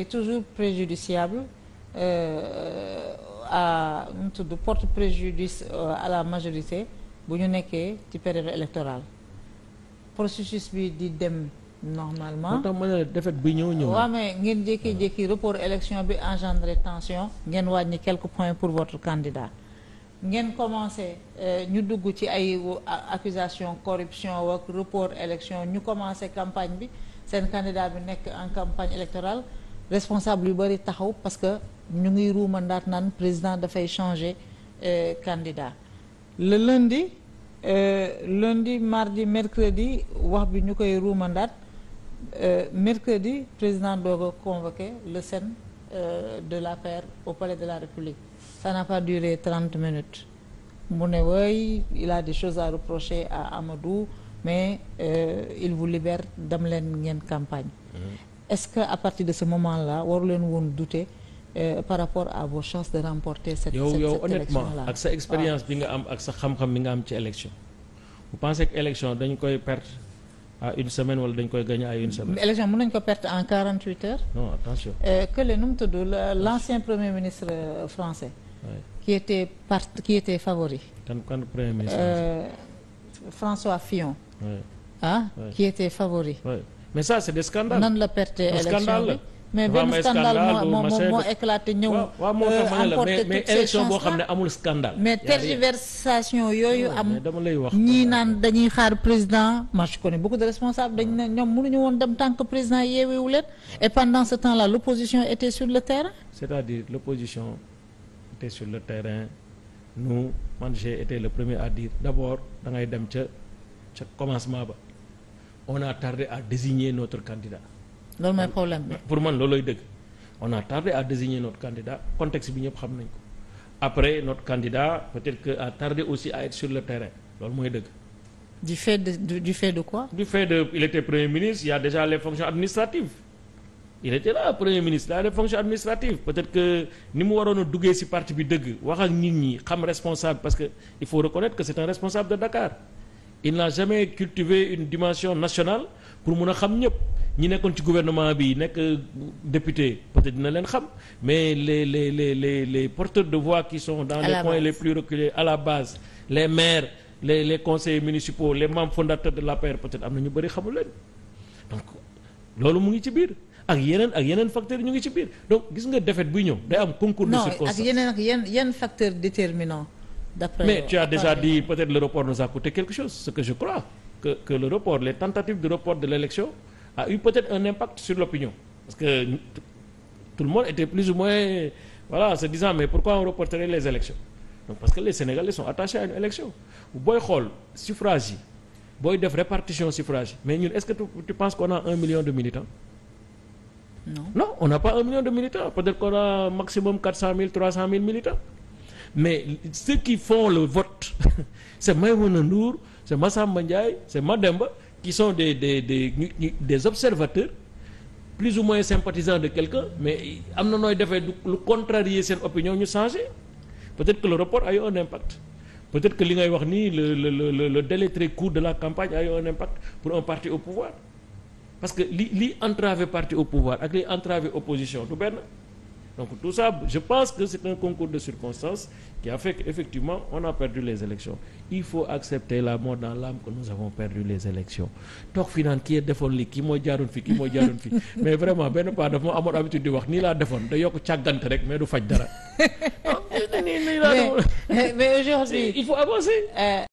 est toujours préjudiciable euh, à nu tudd porte préjudice euh, à la majorité bu ñu nekkee ci période électorale processus bi di dem normalement. moo tax ma ne bi ñëw ñëw. waaw mais ngeen jékki-jékki report élection bi engendré tension ngeen wàññi quelques points pour votre candidat. ngeen commencé euh, ñu dugg ci ay accusation corruption wak report élection ñu commencé campagne bi seen candidat bi nekk en campagne électorale responsable yu bëri taxaw parce que ñu ngi ruuma ndaat naan président dafay changer euh, candidat le lundi euh, lundi mardi mercredi wax bi ñu koy ruuma ndaat euh, mercredi président doog a convoqué le CEN euh, de la l'APR au palais de la République ça n'a dure trente minutes mu ne woy il a des choses à reprocher à Amadou mais euh, il vous libère dem leen ngeen campagne mmh. est-ce que à partir de ce moment-là waru woon douter euh, par rapport à vos chances de remporter cette yow yow honnêtement ak sa expérience bi nga am ak sa xam-xam bi nga am ci élection vous pensez que élection dañ koy perdre à une semaine wala dañ koy gagner à une semaine. élection mën nañ ko perdre en 48 heures. non attention. Euh, que le nu mu tudd l'ancien premier ministre euh, français. qui était part qui était favori. kan François Fillon. ah qui favori. mais ça c'est des scandales. nan la perte élection bi mais benn scandale moo moo moo éclaté ñëw. Euh, mais mais boo xam ne amul scandale. mais tergiversation yooyu am. dama lay wax ñii naan dañuy xaar président. moi je connais beaucoup de responsables dañu ne ñoom mënuñu woon dem tant que président yeewewu leen et pendant ce temps là l' opposition sur le terrain. c'est-à-dire l' opposition était sur le terrain nous man j'ai été le premier à dire d' abord da dem ca ca commencement ba. on a tardé à désigner notre candidat. loolu mooy problème bi. pour man loolooy dëgg on a tardé à désigner notre candidat contexte bi ñëpp xam nañ ko après notre candidat peut-être que a tardé aussi à être sur le terrain loolu mooy dëgg. du fait de du, du fait de quoi. du fait de il était premier ministre il y a déjà les fonctions administratives. il était là premier ministre la des fonctions administratives peut-être que ni mu waroon a duggee ci parti bi dëgg wax ak nit ñi xam responsable parce que il faut reconnaître que c'est un il n'a jamais cultivé une dimension nationale pour mun a xam ñëpp ñi nekkoon ci gouvernement bi nekk député peut-être dina leen xam mais les les les les les porteurs de voix qui sont dans les coins les plus reculés à la base les maires les les conseillers municipaux les membres fondateurs de l'APR peut-être am na ñu bëri xamul leen donc loolu mu ngi ci biir ak yeneen ak yeneen facteurs ñu ngi ci biir donc gis nga défaite buy ñëw day am concours de circonstances non ak yeneen ak yenn yenn facteurs d'après mais tu as déjà dit peut-être le report nous a coûté quelque chose ce que je crois que que le report les tentatives de report de l'élection a eu peut-être un impact sur l'opinion parce que tout le monde était plus ou moins voilà se disant mais pourquoi on reporterait les élections donc parce que les Sénégalais sont attachés à une élection booy xool suffrage yi booy def répartition suffrage mais ñun est-ce qu'on a un million de militants non on a maximum mais ceux qui font le vote c'est Maïmouna Ndour c'est Massamba Ndiaye c'est Mademba qui son des des des des observateurs plus ou moins sympathisants de quelqu'un mais am na nooy defee lu contrarier seen opinion ñu changé peut-être que le report a eu un impact peut-être que li ngay wax nii le le le le délai court de la campagne a eu un impact pour un parti au pouvoir parce que li li entravé parti au pouvoir ak li entravé opposition du benn. donc tout ça je pense que c'est un concours de circonstances qui a fait on a perdu les élections il faut accepter la mort dans l'âme que nous avons perdu les élections toog fi naan kii defoon li kii mooy jaaroon fi kii mooy jaaroon fi mais vraiment benn part dafa moo amoon habitude di wax nii laa defoon da yokk càggante rek mais du faj dara ah, mais aujourd'hui il faut avancer euh,